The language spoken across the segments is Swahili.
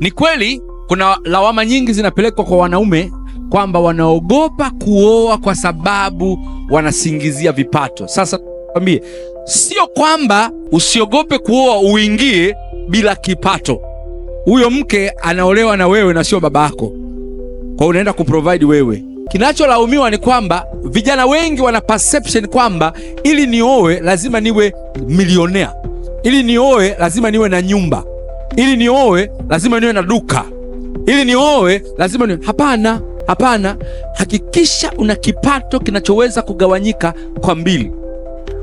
Ni kweli kuna lawama nyingi zinapelekwa kwa wanaume kwamba wanaogopa kuoa kwa sababu wanasingizia vipato. Sasa kwambie, sio kwamba usiogope kuoa uingie bila kipato. Huyo mke anaolewa na wewe na sio baba yako, kwa unaenda kuprovide wewe. Kinacholaumiwa ni kwamba vijana wengi wana perception kwamba ili nioe lazima niwe milionea, ili nioe lazima niwe na nyumba ili niowe lazima niwe na duka, ili niowe lazima niwe. Hapana, hapana. Hakikisha una kipato kinachoweza kugawanyika kwa mbili.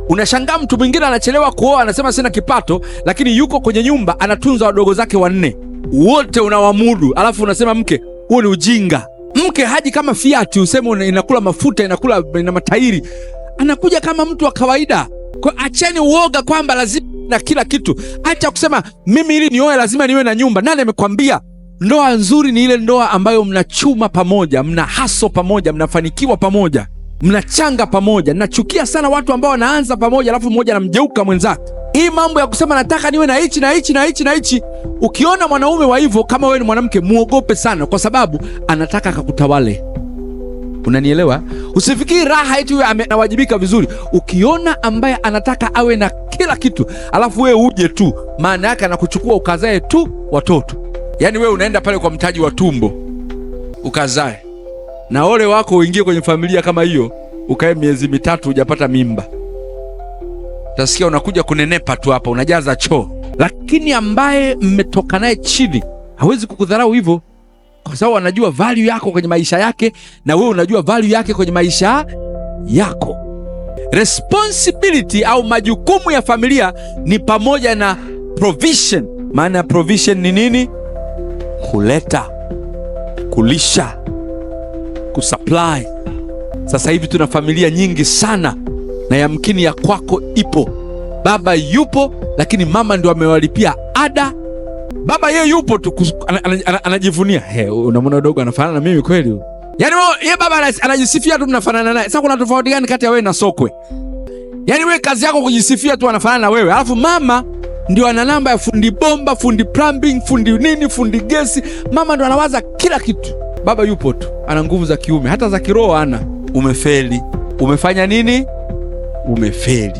Unashangaa mtu mwingine anachelewa kuoa, anasema sina kipato, lakini yuko kwenye nyumba anatunza wadogo zake wanne, wote unawamudu, alafu unasema mke, huo ni ujinga. Mke haji kama Fiat useme inakula mafuta, inakula na matairi, anakuja kama mtu wa kawaida. Kwa acheni uoga kwamba lazima na kila kitu. Acha kusema mimi ili nioe lazima niwe na nyumba. Nani amekwambia? Ndoa nzuri ni ile ndoa ambayo mnachuma pamoja, mna haso pamoja, mnafanikiwa pamoja, mnachanga pamoja. Nachukia sana watu ambao wanaanza pamoja alafu mmoja anamgeuka mwenzake. Hii mambo ya kusema nataka niwe na hichi na hichi na hichi na hichi, ukiona mwanaume wa hivyo, kama wewe ni mwanamke, muogope sana, kwa sababu anataka akakutawale. Unanielewa? Usifikiri raha eti huyo anawajibika vizuri. Ukiona ambaye anataka awe na kila kitu alafu wewe uje tu, maana yake anakuchukua ukazae tu watoto. Yaani wewe unaenda pale kwa mtaji wa tumbo ukazae, na ole wako uingie kwenye familia kama hiyo ukae miezi mitatu hujapata mimba. Utasikia unakuja kunenepa tu hapa, unajaza choo. Lakini ambaye mmetoka naye chini hawezi kukudharau hivyo kwa sababu anajua value yako kwenye maisha yake na wewe unajua value yake kwenye maisha yako. Responsibility au majukumu ya familia ni pamoja na provision. Maana ya provision ni nini? Kuleta, kulisha, kusupply. Sasa hivi tuna familia nyingi sana, na yamkini ya kwako ipo, baba yupo, lakini mama ndio amewalipia ada Baba yeye yupo tu anajivunia, unamwona dogo anafanana na mimi kweli? yani yeye baba anajisifia tu mnafanana naye. Sasa kuna tofauti gani kati ya wewe na sokwe? Yaani wewe kazi yako kujisifia tu anafanana na wewe, alafu mama ndio ana namba ya fundi bomba, fundi plumbing, fundi nini, fundi gesi. Mama ndio anawaza kila kitu, baba yupo tu, ana nguvu za kiume, hata za kiroho ana. Umefeli. Umefanya nini? Umefeli.